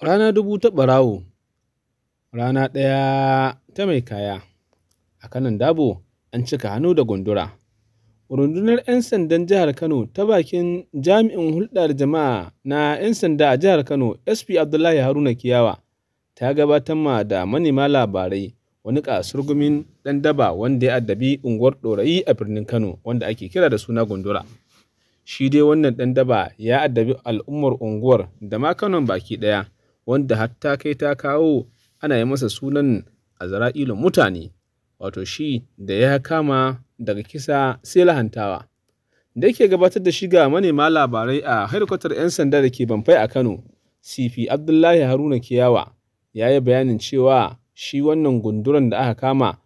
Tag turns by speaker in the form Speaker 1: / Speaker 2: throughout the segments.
Speaker 1: Rana dubu ta ɓarawo, rana ɗaya ta mai kaya, a kanan Dabo an cika hannu da gundura, Rundunar ‘Yan Sandan Jihar Kano ta bakin Jami'in hulɗar Jama'a na ‘Yan Sanda a Jihar Kano SP Abdullahi Haruna Kiyawa ta gabatar ma da manema labarai wani gumin ɗan daba wanda ya addabi unguwar Ɗorayi a birnin Kano wanda ake kira da suna Gundura. Shi dai wannan ɗan daba ya addabi al'ummar unguwar da ma Kano baki ɗaya. wanda hatta kai ta kawo ana yi masa sunan azra'ilun mutane wato shi da ya kama daga kisa sai lahantawa da yake gabatar da shiga ga manema labarai a harkatar 'yan sanda da ke banfai a kano cp abdullahi haruna kiyawa ya yi bayanin cewa shi wannan gunduran da aka kama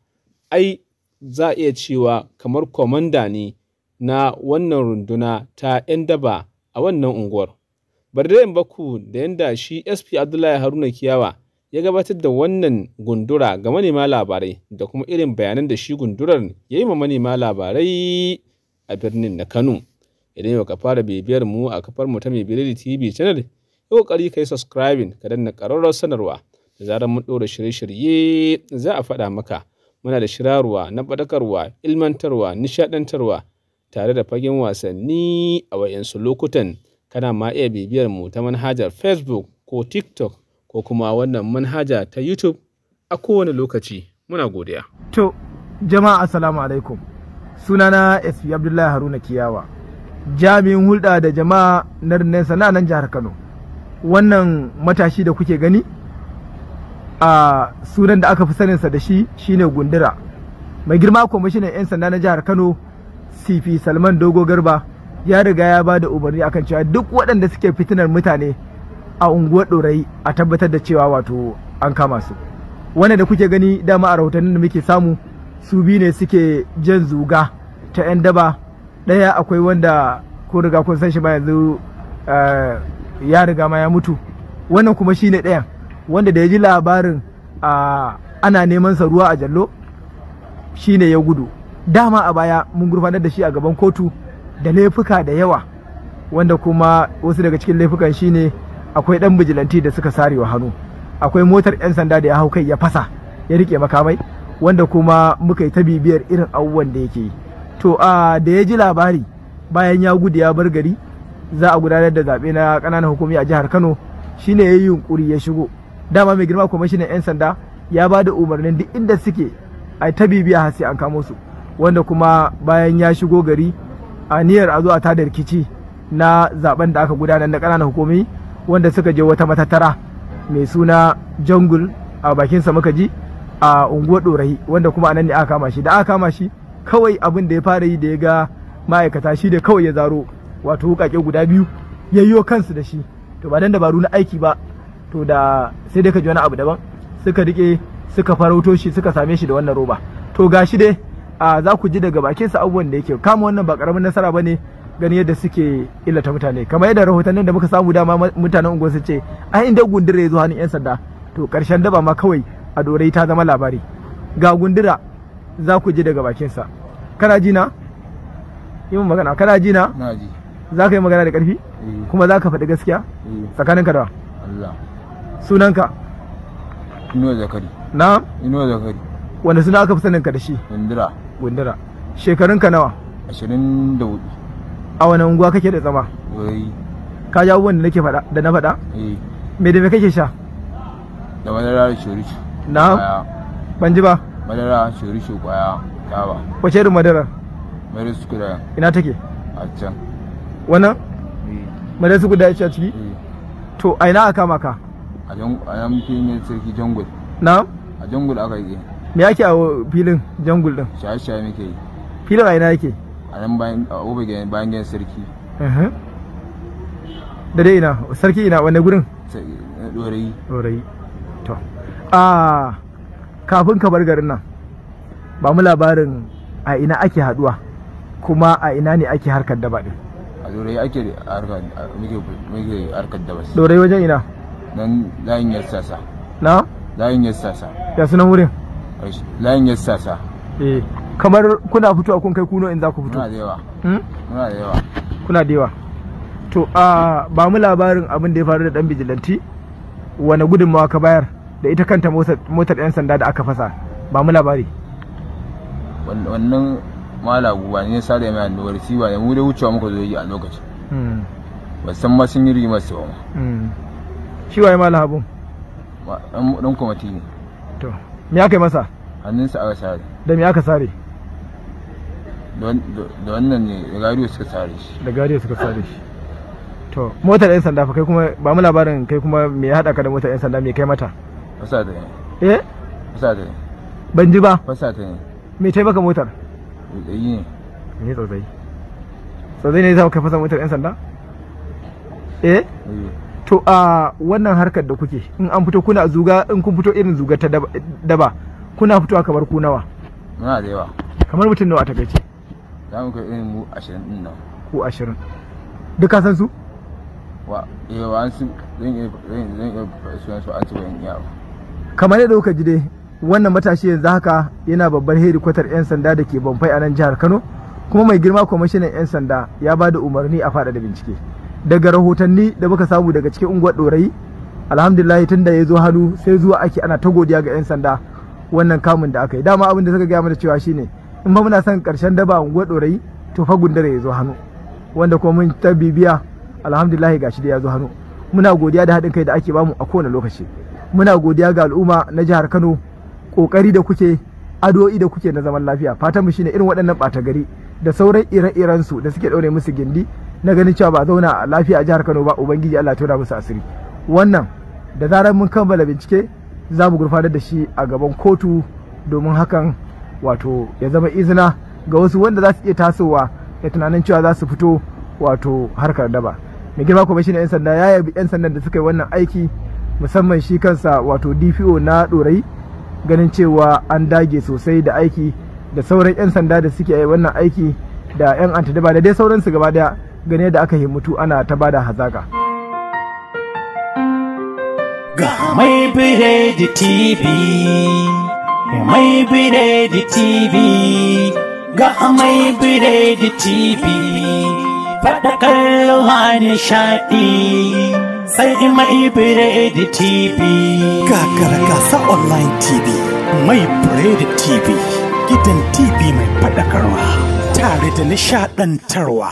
Speaker 1: ai za a iya cewa kamar kwamanda ne na wannan runduna ta 'yan daba a wannan unguwar bari in baku da yadda shi sp abdullahi haruna kiyawa ya gabatar da wannan gundura ga manema labarai da kuma irin bayanan da shi gundurar ya yi ma manema labarai a birnin na kano idan yau ka fara bibiyar mu a kafar mu ta mai tv channel ya kokari ka yi subscribing ka danna ƙararrawar sanarwa da zarar mun ɗora shirye-shirye za a faɗa maka muna da shirarwa na faɗakarwa ilmantarwa nishaɗantarwa tare da fagen wasanni a wayansu lokutan Kana ma iya bibiyar mu ta manhajar Facebook ko TikTok ko kuma wannan manhaja ta YouTube a kowane lokaci. Muna godiya.
Speaker 2: To, jama'a assalamu alaikum. Sunana SP Abdullahi Haruna Kiyawa. Jami'in hulɗa da jama'a na Rinnan nan jihar Kano. Wannan matashi da kuke gani a sunan da aka fi saninsa da shi shine gundura mai girma kwamishinan 'yan sanda na jihar kano cp salman dogo garba ya riga ya ba da umarni akan cewa duk waɗanda suke fitinar mutane a unguwar ɗorayi a tabbatar da cewa wato an kama su wanda da kuke gani dama a rahotannin da muke samu su biyu ne suke jan zuga ta 'yan daba ɗaya akwai wanda ko riga kun san shi ba yanzu eh, ya riga ma ya mutu wannan kuma shine ɗayan wanda da ya ji labarin ana neman sa ruwa a jallo shine ya gudu dama a baya mun gurfanar da shi a gaban kotu da laifuka da yawa wanda kuma wasu daga cikin laifukan shi ne akwai dan bijilanti da suka sarewa hannu akwai motar 'yan sanda da ya hau kai ya fasa ya rike makamai wanda kuma muka yi ta bibiyar irin abubuwan da yake yi to a da ya ji labari bayan ya gudu ya bar gari za a gudanar da zaɓe na ƙananan hukumi a jihar kano shine ya yi yunkuri ya shigo dama mai girma kwamishinan 'yan sanda ya ba da umarnin duk inda suke a ta bibiya har sai an kamo su wanda kuma bayan ya shigo gari aniyar a zuwa ta da rikici na zaben da aka gudanar da kananan hukumi wanda suka je wata matattara mai suna jungle a bakinsa muka ji a unguwar dorahi, wanda kuma anan ne aka kama shi da aka kama shi kawai abin da ya fara yi da ya ga ma'aikata shi da kawai ya zaro wato wukake guda biyu yayyo kansu da shi to ba dan dabaru na aiki ba to da sai dai ka ji wani abu daban suka rike suka farauto shi suka same shi da wannan roba to gashi dai za ku ji daga bakin sa abubuwan da yake kama wannan ba karamin nasara bane gani yadda suke illata mutane kamar yadda rahotannin da muka samu dama mutanen unguwar su ce ai inda gundura ya zo hannun yan sanda to karshen daba ma kawai a dorai ta zama labari ga gundura za ku ji daga bakin sa kana ji na yi magana kana ji na za ka yi magana da karfi eh. kuma za ka faɗi gaskiya eh. Tsakanin ka da sunanka inuwa zakari na inuwa zakari wanda suna aka fi saninka da shi gundura gundura shekarun ka nawa 24 a wani unguwa kake da zama ka ji abubuwan da nake faɗa da na faɗa eh. me da me kake sha
Speaker 3: da madara da shi.
Speaker 2: na ban ji ba
Speaker 3: madara shi, kwaya taba wace irin madara madara su kuda ina take a can
Speaker 2: wannan eh. madara su kuda a ciki eh. to a ina aka maka
Speaker 3: a yan filin sarki jangul na a jangul aka yi
Speaker 2: me yake a filin jangul din
Speaker 3: Sha-sha muke yi
Speaker 2: filin a ina yake
Speaker 3: a nan bayan a obage bayan gidan sarki
Speaker 2: da dai ina sarki ina wanne gurin
Speaker 3: dorayi dorayi to
Speaker 2: a kafin ka bar garin nan ba mu labarin a ina ake haduwa kuma a ina ne ake harkar daba din
Speaker 3: a dorayi ake harkar daba dorayi wajen ina nan layin yassasa na layin yassasa
Speaker 2: ya sunan wurin
Speaker 3: layin ya sasa
Speaker 2: eh, kamar kuna a kun kai kuno in za ku fito muna da yawa hmm? muna da yawa kuna da yawa to a ba mu labarin abin da ya faru da dan bijilanti wani gudunmawa ka bayar da ita kanta motar yan sanda da aka fasa ba mu labari
Speaker 3: wannan malagu ba ne sare mai annobar shi ba ne mu da wucewa muka zo yi a lokacin hmm. ba san ma sun yi rigimar su ba ma
Speaker 2: hmm. shi waye malahabun dan kwamati ne to me aka yi masa
Speaker 3: hannunsa aka sare
Speaker 2: da me aka sare
Speaker 3: da wannan ne da gariyo suka sare shi
Speaker 2: da gariyo suka sare shi to motar yan sanda fa kai kuma ba mu labarin kai kuma me ya hada ka da motar yan sanda me kai mata
Speaker 3: fasa ta ne eh fasa ta ne
Speaker 2: ban ji ba fasa ta ne me tai baka motar
Speaker 3: tsotsayi ne ne tsotsayi
Speaker 2: tsotsayi ne ya sa fasa motar yan sanda eh, eh. to a wannan harkar da kuke in an fito kuna zuga in kun fito irin zuga ta daba kuna fitowa kamar ku nawa muna da yawa kamar mutum nawa ta gace
Speaker 3: za mu kai irin mu 20 din nan
Speaker 2: ku 20 duka san su
Speaker 3: wa eh wa an su zan yi zan yi sunan su an su ban yawa
Speaker 2: kamar yadda kuka ji dai wannan matashi yanzu haka yana babbar kwatar 'yan sanda da ke bamfai a nan jihar kano kuma mai girma kwamishinan 'yan sanda ya ba da umarni a da bincike daga rahotanni da muka samu daga cikin unguwar ɗorayi alhamdulillah tun da ya zo hannu sai zuwa ake ana ta godiya ga 'yan sanda wannan kamun da aka yi dama abin da suka gaya mana cewa shine in ba muna son karshen daba unguwar ɗorayi to fa gundara ya zo hannu wanda kuma mun ta bibiya alhamdulillah gashi da ya zo hannu muna godiya da haɗin kai da ake bamu a kowane lokaci muna godiya ga al'umma na jihar Kano kokari da kuke addu'o'i da kuke na zaman lafiya Fatanmu shine irin waɗannan ɓata gari da sauran ire-iren da suke ɗaure musu gindi na ganin cewa ba a zauna lafiya a jihar Kano ba ubangiji Allah tona musu asiri wannan da zarar mun kammala bincike za mu gurfanar da shi a gaban kotu domin hakan wato ya zama izina ga wasu wanda za su iya tasowa da tunanin cewa za su fito wato harkar daba mai girma kwamishinan 'yan sanda ya yabi 'yan sandan da suka yi wannan aiki musamman shi kansa wato dpo na dorai ganin cewa an dage sosai da aiki da sauran 'yan sanda da suke wannan aiki da 'yan antidaba da dai sauransu gaba daya gane da aka yi mutu ana ta bada hazaka
Speaker 1: ga mai biredi tv mai biredi tv ga mai biredi tv faɗa kallon nishaɗi sai mai biredi
Speaker 2: tv kakar gasa online tv mai biredi tv gidan tv mai faɗakarwa tare da nishaɗantarwa